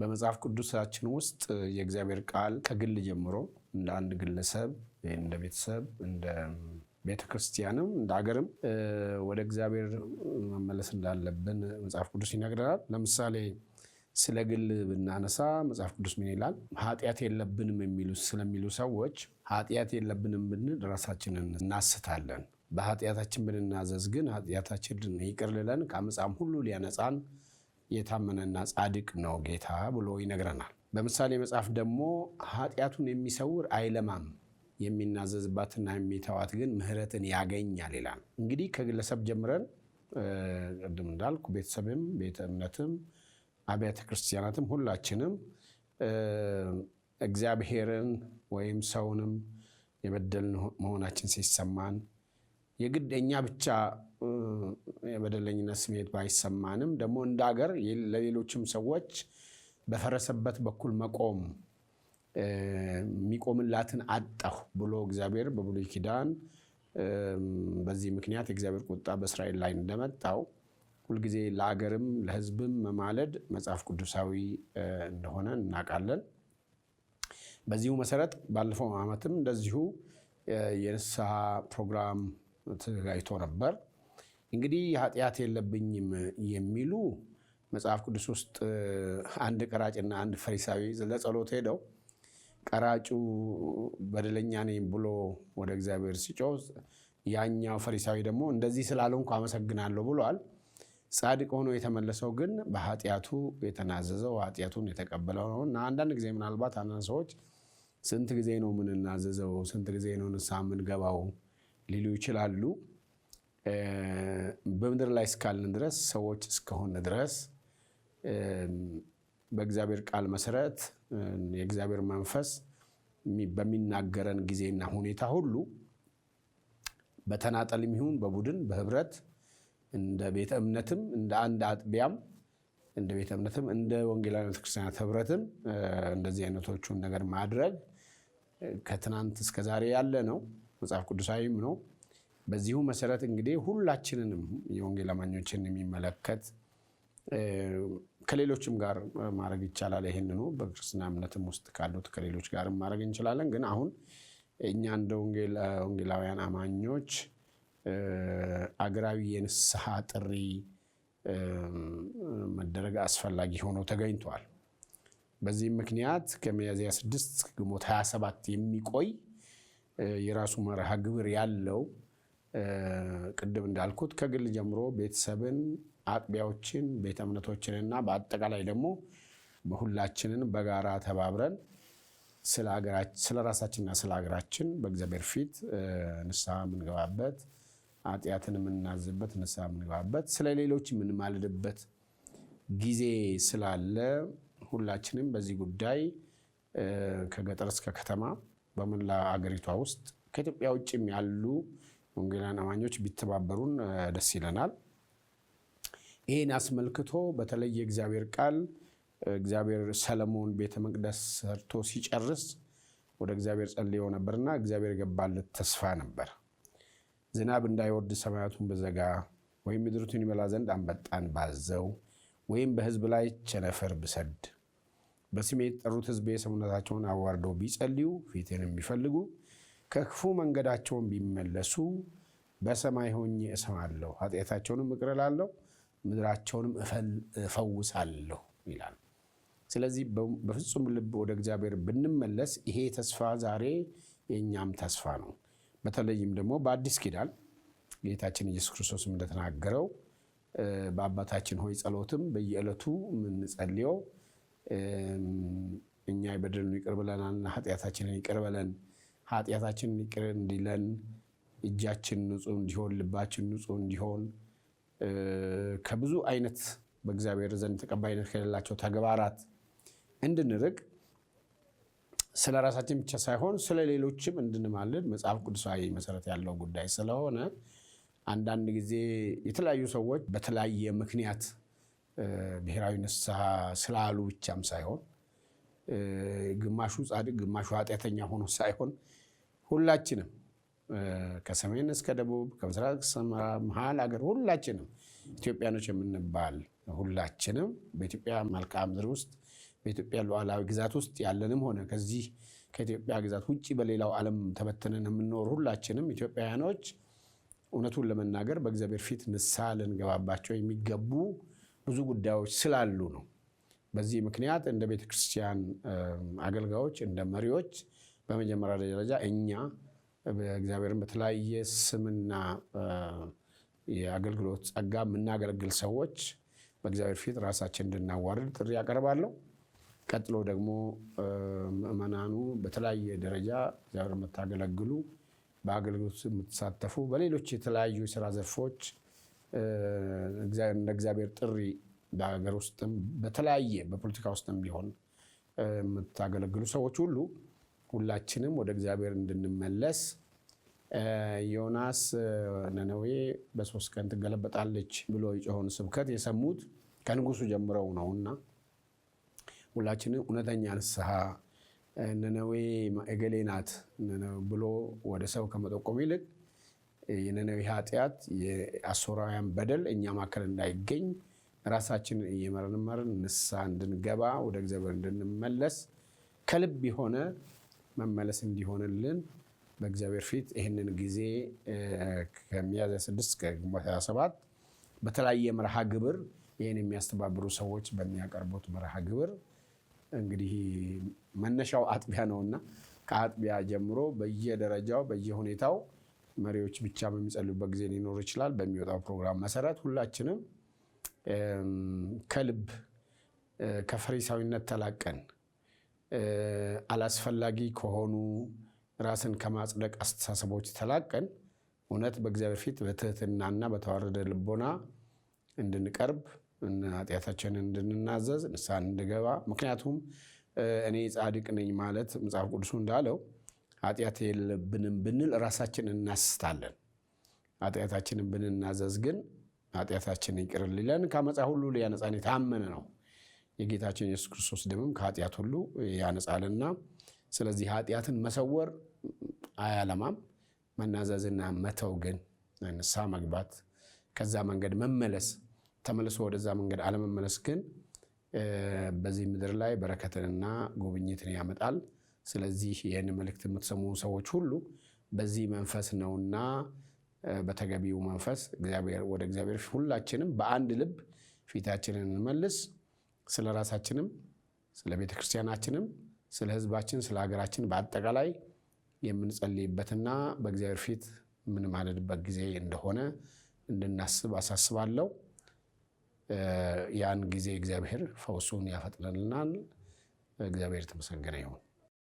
በመጽሐፍ ቅዱሳችን ውስጥ የእግዚአብሔር ቃል ከግል ጀምሮ እንደ አንድ ግለሰብ፣ እንደ ቤተሰብ፣ እንደ ቤተ ክርስቲያንም እንደ ሀገርም ወደ እግዚአብሔር መመለስ እንዳለብን መጽሐፍ ቅዱስ ይነግረናል። ለምሳሌ ስለ ግል ብናነሳ መጽሐፍ ቅዱስ ምን ይላል? ኃጢአት የለብንም ስለሚሉ ሰዎች ኃጢአት የለብንም ብንል ራሳችንን እናስታለን። በኃጢአታችን ብንናዘዝ ግን ኃጢአታችን ይቅር ሊለን ሁሉ ሊያነጻን የታመነና ጻድቅ ነው ጌታ ብሎ ይነግረናል። በምሳሌ መጽሐፍ ደግሞ ኃጢአቱን የሚሰውር አይለማም የሚናዘዝባትና የሚተዋት ግን ምሕረትን ያገኛል ይላል። እንግዲህ ከግለሰብ ጀምረን ቅድም እንዳልኩ ቤተሰብም፣ ቤተ እምነትም፣ አብያተ ክርስቲያናትም ሁላችንም እግዚአብሔርን ወይም ሰውንም የበደልን መሆናችን ሲሰማን የግድ እኛ ብቻ የበደለኝነት ስሜት ባይሰማንም ደግሞ እንደ ሀገር ለሌሎችም ሰዎች በፈረሰበት በኩል መቆም የሚቆምላትን አጣሁ ብሎ እግዚአብሔር በብሉይ ኪዳን በዚህ ምክንያት የእግዚአብሔር ቁጣ በእስራኤል ላይ እንደመጣው ሁልጊዜ ለአገርም ለሕዝብም መማለድ መጽሐፍ ቅዱሳዊ እንደሆነ እናውቃለን። በዚሁ መሰረት ባለፈው ዓመትም እንደዚሁ የንስሐ ፕሮግራም ተዘጋጅቶ ነበር። እንግዲህ ኃጢአት የለብኝም የሚሉ መጽሐፍ ቅዱስ ውስጥ አንድ ቀራጭና አንድ ፈሪሳዊ ለጸሎት ሄደው ቀራጩ በደለኛ ነኝ ብሎ ወደ እግዚአብሔር ሲጮህ ያኛው ፈሪሳዊ ደግሞ እንደዚህ ስላልሆንኩ አመሰግናለሁ ብሏል። ጻድቅ ሆኖ የተመለሰው ግን በኃጢአቱ የተናዘዘው ኃጢአቱን የተቀበለው ነው። እና አንዳንድ ጊዜ ምናልባት አንዳንድ ሰዎች ስንት ጊዜ ነው ምንናዘዘው፣ ስንት ጊዜ ነው ንስሐ ምንገባው ሊሉ ይችላሉ። በምድር ላይ እስካልን ድረስ ሰዎች እስከሆን ድረስ በእግዚአብሔር ቃል መሰረት የእግዚአብሔር መንፈስ በሚናገረን ጊዜና ሁኔታ ሁሉ በተናጠልም ይሁን በቡድን በህብረት እንደ ቤተ እምነትም እንደ አንድ አጥቢያም እንደ ቤተ እምነትም እንደ ወንጌላዊ ቤተክርስቲያናት ህብረትም እንደዚህ አይነቶቹን ነገር ማድረግ ከትናንት እስከ ዛሬ ያለ ነው። መጽሐፍ ቅዱሳዊም ነው። በዚሁ መሰረት እንግዲህ ሁላችንንም የወንጌል አማኞችን የሚመለከት ከሌሎችም ጋር ማድረግ ይቻላል። ይህንኑ በክርስትና እምነትም ውስጥ ካሉት ከሌሎች ጋር ማድረግ እንችላለን። ግን አሁን እኛ እንደ ወንጌላውያን አማኞች አገራዊ የንስሐ ጥሪ መደረግ አስፈላጊ ሆኖ ተገኝቷል። በዚህም ምክንያት ከሚያዝያ 6 ግንቦት 27 የሚቆይ የራሱ መርሃ ግብር ያለው ቅድም እንዳልኩት ከግል ጀምሮ ቤተሰብን፣ አጥቢያዎችን፣ ቤተ እምነቶችንና በአጠቃላይ ደግሞ በሁላችንን በጋራ ተባብረን ስለ ራሳችንና ስለ ሀገራችን በእግዚአብሔር ፊት ንስሐ የምንገባበት አጥያትን የምናዝበት ንስሐ የምንገባበት ስለ ሌሎች የምንማልድበት ጊዜ ስላለ ሁላችንም በዚህ ጉዳይ ከገጠር እስከ ከተማ በመላ አገሪቷ ውስጥ ከኢትዮጵያ ውጭም ያሉ ወንጌላውያን አማኞች ቢተባበሩን ደስ ይለናል። ይህን አስመልክቶ በተለይ የእግዚአብሔር ቃል እግዚአብሔር ሰለሞን ቤተ መቅደስ ሰርቶ ሲጨርስ ወደ እግዚአብሔር ጸልዮ ነበርና እግዚአብሔር የገባለት ተስፋ ነበር። ዝናብ እንዳይወርድ ሰማያቱን በዘጋ ወይም ምድሪቱን ይመላ ዘንድ አንበጣን ባዘው ወይም በሕዝብ ላይ ቸነፈር ብሰድ በስሜ የተጠሩት ሕዝቤ ሰውነታቸውን አዋርደው ቢጸልዩ ፊትን የሚፈልጉ ከክፉ መንገዳቸውን ቢመለሱ በሰማይ ሆኜ እሰማለሁ፣ ኃጢአታቸውንም እቅር እላለሁ፣ ምድራቸውንም እፈውሳለሁ ይላል። ስለዚህ በፍጹም ልብ ወደ እግዚአብሔር ብንመለስ ይሄ ተስፋ ዛሬ የእኛም ተስፋ ነው። በተለይም ደግሞ በአዲስ ኪዳን ጌታችን ኢየሱስ ክርስቶስም እንደተናገረው በአባታችን ሆይ ጸሎትም በየዕለቱ የምንጸልየው እኛ የበደሉንን ይቅር ብለናልና ኃጢአታችንን ይቅር በለን ኃጢአታችን ይቅር እንዲለን እጃችን ንጹህ እንዲሆን ልባችን ንጹህ እንዲሆን ከብዙ አይነት በእግዚአብሔር ዘንድ ተቀባይነት ከሌላቸው ተግባራት እንድንርቅ ስለ ራሳችን ብቻ ሳይሆን ስለ ሌሎችም እንድንማልድ መጽሐፍ ቅዱሳዊ መሰረት ያለው ጉዳይ ስለሆነ አንዳንድ ጊዜ የተለያዩ ሰዎች በተለያየ ምክንያት ብሔራዊ ንስሐ ስላሉ ብቻም ሳይሆን ግማሹ ጻድቅ ግማሹ ኃጢአተኛ ሆኖ ሳይሆን ሁላችንም ከሰሜን እስከ ደቡብ ከምስራቅ መሀል ሀገር ሁላችንም ኢትዮጵያኖች የምንባል ሁላችንም በኢትዮጵያ መልክዓ ምድር ውስጥ በኢትዮጵያ ሉዓላዊ ግዛት ውስጥ ያለንም ሆነ ከዚህ ከኢትዮጵያ ግዛት ውጭ በሌላው ዓለም ተበትነን የምንኖር ሁላችንም ኢትዮጵያውያኖች እውነቱን ለመናገር በእግዚአብሔር ፊት ንስሐ ልንገባባቸው የሚገቡ ብዙ ጉዳዮች ስላሉ ነው። በዚህ ምክንያት እንደ ቤተ ክርስቲያን አገልጋዮች እንደ መሪዎች በመጀመሪያ ደረጃ እኛ እግዚአብሔርን በተለያየ ስምና የአገልግሎት ጸጋ የምናገለግል ሰዎች በእግዚአብሔር ፊት ራሳችን እንድናዋርድ ጥሪ ያቀርባለሁ። ቀጥሎ ደግሞ ምእመናኑ በተለያየ ደረጃ እግዚአብሔር የምታገለግሉ በአገልግሎት የምትሳተፉ በሌሎች የተለያዩ የስራ ዘርፎች እንደ እግዚአብሔር ጥሪ በሀገር ውስጥም በተለያየ በፖለቲካ ውስጥም ቢሆን የምታገለግሉ ሰዎች ሁሉ ሁላችንም ወደ እግዚአብሔር እንድንመለስ ዮናስ ነነዌ በሶስት ቀን ትገለበጣለች ብሎ የጮኸውን ስብከት የሰሙት ከንጉሱ ጀምረው ነው እና ሁላችንም እውነተኛ ንስሐ ነነዌ እገሌ ናት ብሎ ወደ ሰው ከመጠቆም ይልቅ የነነዌ ኃጢአት፣ የአሶራውያን በደል እኛ መካከል እንዳይገኝ ራሳችን እየመረመርን ንስሐ እንድንገባ ወደ እግዚአብሔር እንድንመለስ ከልብ የሆነ መመለስ እንዲሆንልን በእግዚአብሔር ፊት ይህንን ጊዜ ከሚያዝያ 6 ከግንቦት 27 በተለያየ መርሃ ግብር ይህን የሚያስተባብሩ ሰዎች በሚያቀርቡት መርሃ ግብር እንግዲህ መነሻው አጥቢያ ነውና ከአጥቢያ ጀምሮ በየደረጃው በየሁኔታው መሪዎች ብቻ በሚጸልዩበት ጊዜ ሊኖር ይችላል። በሚወጣው ፕሮግራም መሰረት ሁላችንም ከልብ ከፈሪሳዊነት ተላቀን አላስፈላጊ ከሆኑ ራስን ከማጽደቅ አስተሳሰቦች ተላቀን እውነት በእግዚአብሔር ፊት በትህትናና በተዋረደ ልቦና እንድንቀርብ ኃጢአታችንን እንድንናዘዝ ንስሐ እንድገባ ምክንያቱም እኔ ጻድቅ ነኝ ማለት መጽሐፍ ቅዱሱ እንዳለው ኃጢአት የለብንም ብንል ራሳችን እናስታለን። ኃጢአታችንን ብንናዘዝ ግን ኃጢአታችን ይቅር ሊለን ከአመፃ ሁሉ ሊያነጻን የታመነ ነው። የጌታችን ኢየሱስ ክርስቶስ ደምም ከኃጢአት ሁሉ ያነጻልና ስለዚህ ኃጢአትን መሰወር አያለማም። መናዘዝና መተው ግን ንስሐ መግባት ከዛ መንገድ መመለስ ተመልሶ ወደዛ መንገድ አለመመለስ ግን በዚህ ምድር ላይ በረከትንና ጉብኝትን ያመጣል። ስለዚህ ይህን መልእክት የምትሰሙ ሰዎች ሁሉ በዚህ መንፈስ ነውና በተገቢው መንፈስ ወደ እግዚአብሔር ሁላችንም በአንድ ልብ ፊታችንን እንመልስ። ስለ ራሳችንም ስለ ቤተ ክርስቲያናችንም ስለ ህዝባችን፣ ስለ ሀገራችን በአጠቃላይ የምንጸልይበትና በእግዚአብሔር ፊት የምንማለድበት ጊዜ እንደሆነ እንድናስብ አሳስባለሁ። ያን ጊዜ እግዚአብሔር ፈውሱን ያፈጥንልናል። እግዚአብሔር የተመሰገነ ይሁን።